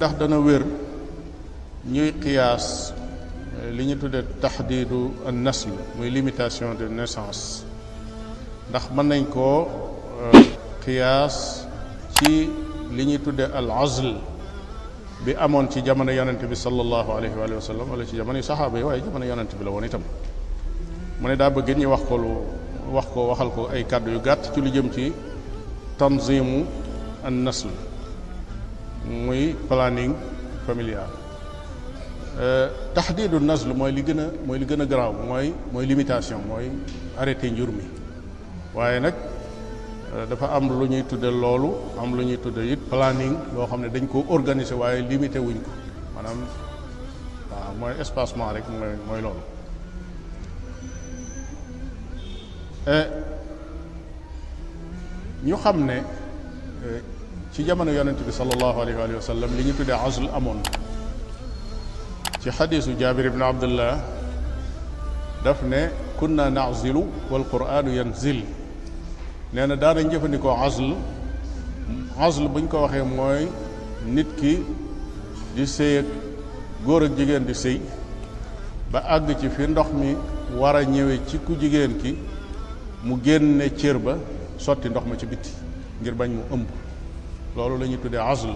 ndax dana wér ñuy qiyaas euh, li ñu tuddee taxdiidu an nasl muy limitation de naissance ndax mën nañ koo qiyaas euh, ci li ñuy tuddee al azl bi amoon ci jamono yonent bi sallallahu alayhi wa sallam wala ci jamono yu saxaaba yi waaye jamono yonent bi la woon itam mu ne daa bëgg ñu wax ko lu wax ko waxal ko ay kàddu yu gàtt ci lu jëm ci tanzimu an nasl muy planning familial euh, taxdiidu lu mooy li gën a mooy li gën a garaaw mooy mooy limitation mooy arrêté njur mi waaye nag euh, dafa am lu ñuy tudd loolu am lu ñuy tudd it planning loo xam ne dañ ko organiser waaye limité wuñ ko maanaam waaw mooy espacement rek mooy mooy loolu euh, ñu xam ne ci jamono yonent bi sallallahu alayhi wa sallam li ñu tuddee asl amoon ci xadiisu jaabir ibn abdullah daf ne kunna nazilu wal quraanu yanzil nee na daanañ jëfandikoo asl asl buñ ko waxee mooy nit ki di sëy ak góor ak jigéen di sëy ba àgg ci fi ndox mi war a ñëwee ci ku jigéen ki mu génne cër ba sotti ndox ma ci bitti ngir bañ mu ëmb loolu la ñuy tuddee asl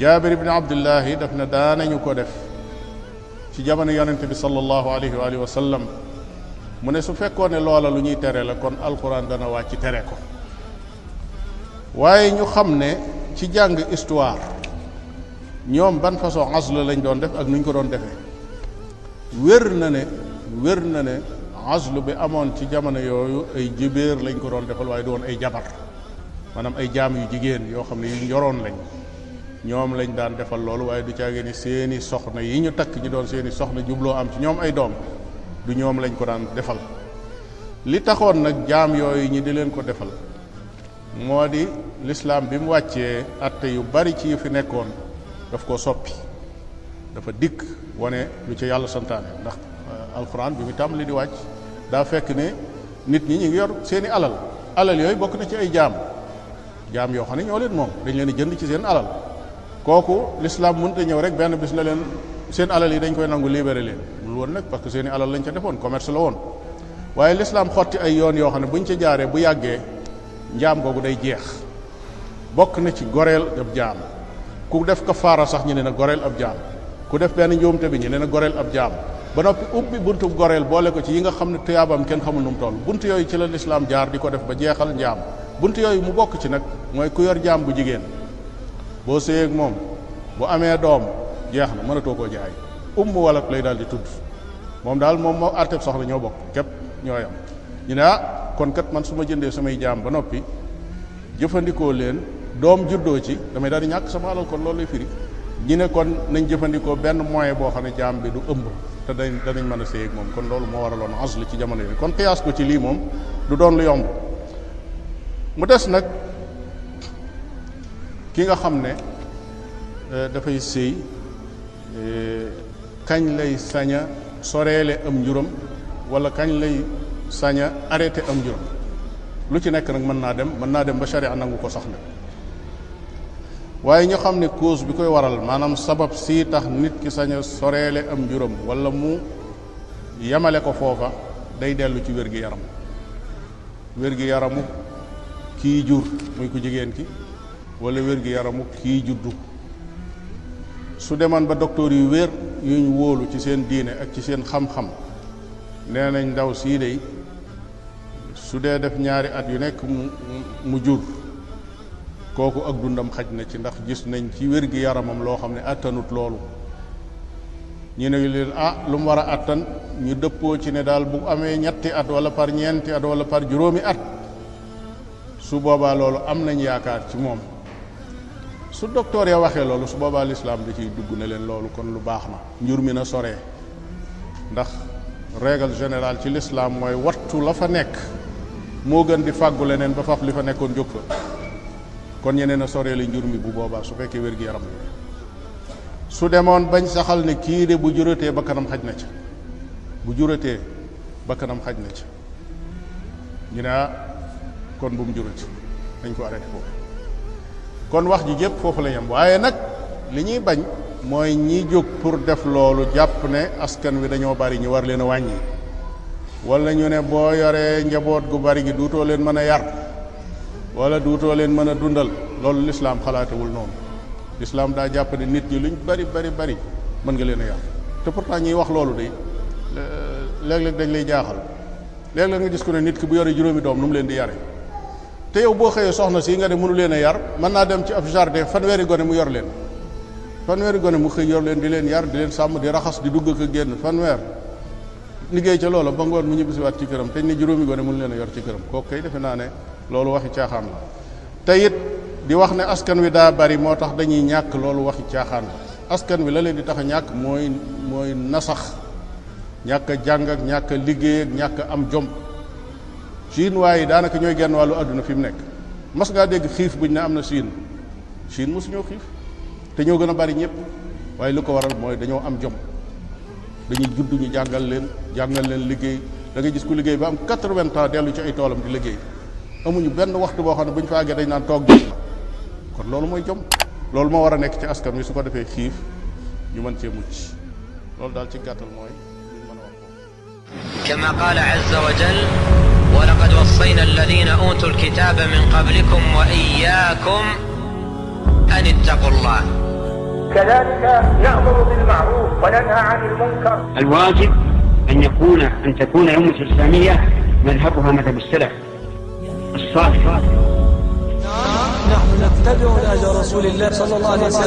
jaabir ibni abdillahi daf ne daanañu ko def ci jamono yonente bi sallallahu alayhi wa alihi wa sallam mu ne su fekkoon ne loola lu ñuy tere la kon alquran dana wàcc tere ko waaye ñu xam ne ci jàng histoire ñoom ban façon asl lañ doon def ak nuñ ko doon defee wér na ne wér na ne asl bi amoon ci jamono yooyu ay jibéer lañ ko doon defal waaye du woon ay jabar manam ay jaam yu jigen yo xam yu yoroon lañ ñom lañ daan defal loolu way du ciage ni seeni soxna yi ñu tak ñu doon seeni soxna jublo am ci ñom ay doom du ñom lañ ko daan defal li taxoon nak jaam yoy ñi di leen ko defal modi l'islam bi mu wacce atte yu bari ci yu fi nekkon daf ko soppi dafa dik wane lu ci yalla santane ndax uh, alquran bi mu li di wacc da fekk ne nit ñi ñi ngi yor seeni alal alal yoy bokku na ci ay jaam jaam yoo xam ne ñoo leen moom dañ leen jënd ci seen alal kooku l'islam te ñëw rek benn bis na leen seen alal yi dañ koy nangu libéré leen lu woon nag parce que seen i alal lañ ca defoon commerce la woon waaye l'islam xotti ay yoon yoo xam ne buñ ca jaaree bu yàggee njaam googu day jeex bokk na ci goreel jaam ku def kafaara sax ñu ne na goreel ab jaam ku def benn njuumte bi ñu ne na goreel ab jaam ba noppi ubbi buntu goreel boole ko ci yi nga xam ne tuyaabam kenn xamul nu mu toll buntu yooyu ci la lislaam jaar di ko def ba jeexal njaam bunt yooyu mu bokk ci nag mooy ku yor jaam bu jigéen boo séyee moom bu amee doom jeex na mënatoo koo jaay umm wala lay daal di tudd moom daal moom moo àtteeb soxla ñoo bokk képp ñoo yam ñu ne ah kon kat man su ma jëndee samay jaam ba noppi jëfandikoo leen doom juddoo ci damay daal di ñàkk sama alal kon loolu lay firi ñi ne kon nañ jëfandikoo benn moyen boo xam ne jaam bi du ëmb te dañ danañ mën a séy moom kon loolu moo waraloon aslu ci jamono yooyu kon xiyaas ko ci lii moom du doon lu yomb mu des nag ki nga xam ne euh, dafay sëy euh, kañ lay saña a soreele am njuram wala kañ lay saña a arrêté am njuram lu ci nekk nag mën naa dem mën naa dem ba sharia nangu ko sax nag waaye ñu xam ne cause bi koy waral maanaam sabab sii tax nit ki saña a soreele am njuram walla mu yemale ko foofa day dellu ci wér-gi-yaram wér-gi-yaramu kii jur muy ko jigéen ki walla wér-gi-yaramu kii juddu su deman ba docteur yu wér yuñ wóolu ci seen diine ak ci seen xam-xam nee nañ ndaw sii dey su dee def ñaari at yu nekk mu mu jur kooku ak dundam xaj na ci ndax gis nañ ci wér-gi-yaramam loo xam ne àttanut loolu ñu ne leen ah lu mu war a àttan ñu dëppoo ci ne daal bu amee ñetti at wala par ñeenti at wala par juróomi at su boba lolu am nañ yaakaar ci moom su docteur ya waxee loolu su boba l'islam da ciy dugg ne leen loolu kon lu baax na njur mi na sore ndax règle générale ci l'islam mooy wattu la fa nekk moo gën di fàggu leneen ba faf li fa nekkoon jóg fa kon ñeneen a sore li njur mi bu boobaa su fekkee wér-gi-yaram su demoon bañ saxal ne kii de bu juratee ba kanam xaj na ca bu juratee ba kanam xaj na ca ñu ne kon bu mu jurati dañ ko arrêté foofu kon wax ji jëpp foofu la yem waaye nag li ñuy bañ mooy ñi jóg pour def loolu jàpp ne askan wi dañoo bari ñu war leen a wàññi wala ñu ne boo yoree njaboot gu bari gi duutoo leen mën a yar wala duutoo leen mën a dundal loolu lislaam xalaatewul noonu lislaam daa jàpp ne nit ñi luñ bari bari bari mën nga leen a yar te pourtant ñuy wax loolu de léeg-léeg dañ lay jaaxal léeg-léeg nga gis ko ne nit ki bu yore juróomi doom nu mu leen di yare te yow boo xëyee soxna si nga ne mënu leen a yar mën naa dem ci ab jardin fanweeri gone mu yor leen fanweeri gone mu xëy yor leen di leen yar di leen sàmm di raxas di dugg ak génn fanweer liggéey ca loola ba ngoon mu ci këram te ni juróomi gone mënu leen a yor ci këram kooku kay defe naa ne waxi caaxaan la te di wax ne askan wi daa bari moo tax dañuy ñàkk loolu waxi caaxaan la askan wi la leen di tax a ñàkk mooy mooy nasax ñàkk a jàng ak ñàkk a ak ñàkk am jom chinois waaye daanaka ñooy genn wàllu àdduna fi mu nekk mas ngaa dégg xiif buñ ne am na Chine Chine mosu ñoo xiif te ñoo gën a bari ñëpp waaye li ko waral mooy dañoo am jom dañuy judd ñu jàngal leen jàngal leen liggéey da gis ku liggéey ba am quatre-vingts dellu ci ay toolam di liggéey amuñu benn waxtu boo xam ne bu ñu fa àggee dañ naan toog kon loolu mooy jom loolu moo war a nekk ci askan wi su ko defee xiif ñu mën cee mucc loolu daal ci gàttal mooy liñ ولقد وصينا الذين أوتوا الكتاب من قبلكم وإياكم أن اتقوا الله كذلك نأمر بالمعروف وننهى عن المنكر الواجب أن يكون أن تكون أمة الإسلامية مذهبها مذهب السلف الصالح نحن نتبع الأجر رسول الله صلى الله عليه وسلم